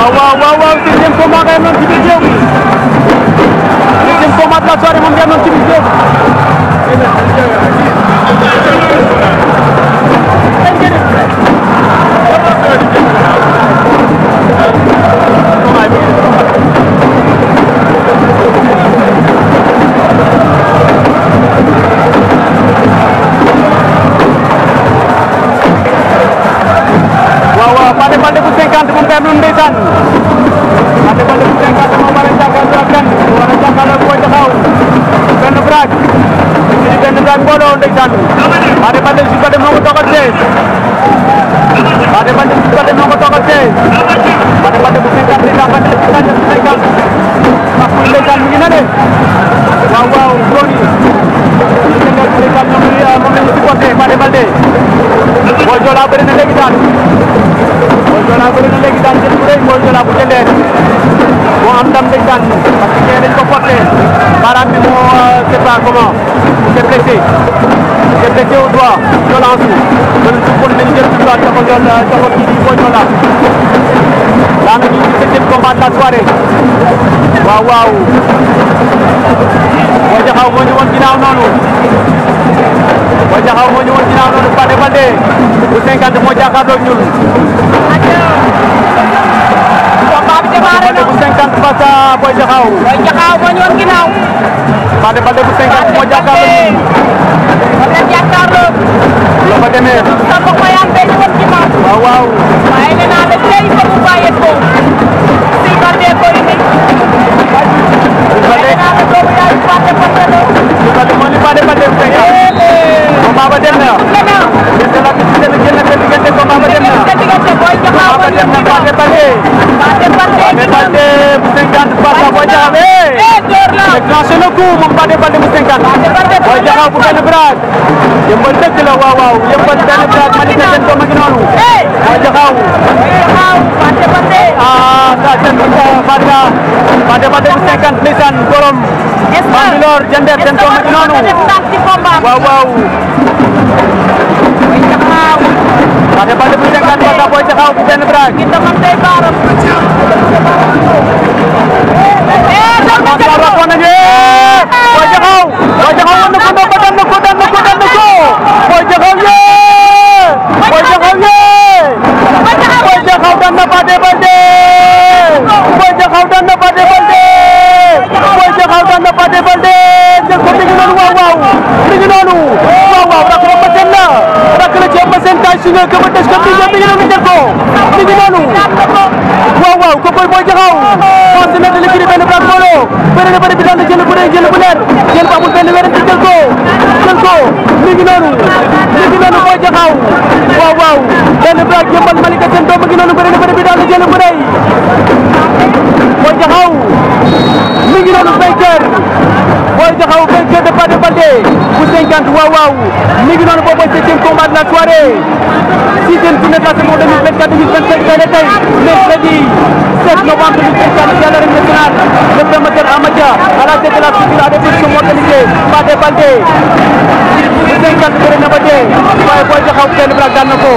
waaw waaw waaw waaw deuxième combat ngay noonu ci biir géew bi deuxième combat de la soirée moom ngay noonu ci biir géew bi Ndangaan Fallou Balde bu Ndangaan moom war a jàkkaarloo kenn war a jàkkaarloo Boy Jaxaw benn braak ci benn braak mbooloo ndeysaan Fallou Balde si côté moo ko toxatee Fallou Balde si côté moo ko toxatee Fallou Balde bu Ndangaan di Ndangaan di Ndangaan di Ndangaan wax muy ndeysaan mi ngi na de waaw waaw góor yi ndeysaan ndeysaan ñoom moom lañu supporté Fallou Balde Boy Joola bëri na léegi daal Boy Joola bëri na léegi daal rek mooy Jolaaf bu jëndee moo am ndam dañ daan parce que ñee dañ ko porté baaraam bi moo c'est euh, pas comment c'est blessé c'est blessé au doigt Jolaaf kon kon dañu jël ci doigt jox ko jol euh, jox ko kii mooy Jolaaf daa ngi ci septième combat de la soirée waaw waaw boo jaxaw moo ñu woon noonu boo jaxaw moo ñu woon ginnaaw noonu Baldé Baldé bu 50 moo jàkkaarloo ñun face à Boy Diakhao. Boy Diakhao moo ñëwoon ginnaaw. Fade Balde bu Senghane moo jàkkaarloo. moom la jàkkaarloo. la fa demee. Samba Koyaan bee ñëwoon ginnaaw. waaw waaw. waaye nee naa la tey fa mu bàyyeekoo. Bandem Bandem bukan berat Yang Yang berat Ah, kita pada Wow wow Wow pada pada bisa kan kota boleh cakap bukan negara. Kita kan tegar. 2 Kebeul Teuz Keum Vision mi ngi noonu jël ko mi ngi noonu waaw waaw Kebeul mooy jaxaw force nekk li kii benn Black Molo bëri na bëri bi daan na jël bu dee jël bu leer benn wérante jël ko jël ko mi ngi noonu mi ngi noonu mooy benn Black jëmbal Malika seen doom mi ngi noonu taxaw vainqueur de Pape Baldé bu 50 waaw waaw mi ngi noonu boobu mooy septième de la soirée sixième journée de la saison 2024 2025 tey la tey mercredi 7 novembre 2024 ci l'arène nationale le promoteur Amadia à la tête de la structure à déposition organisée Pape Baldé bu 50 bëre na ba dee waaye booy taxaw benn bras daan na ko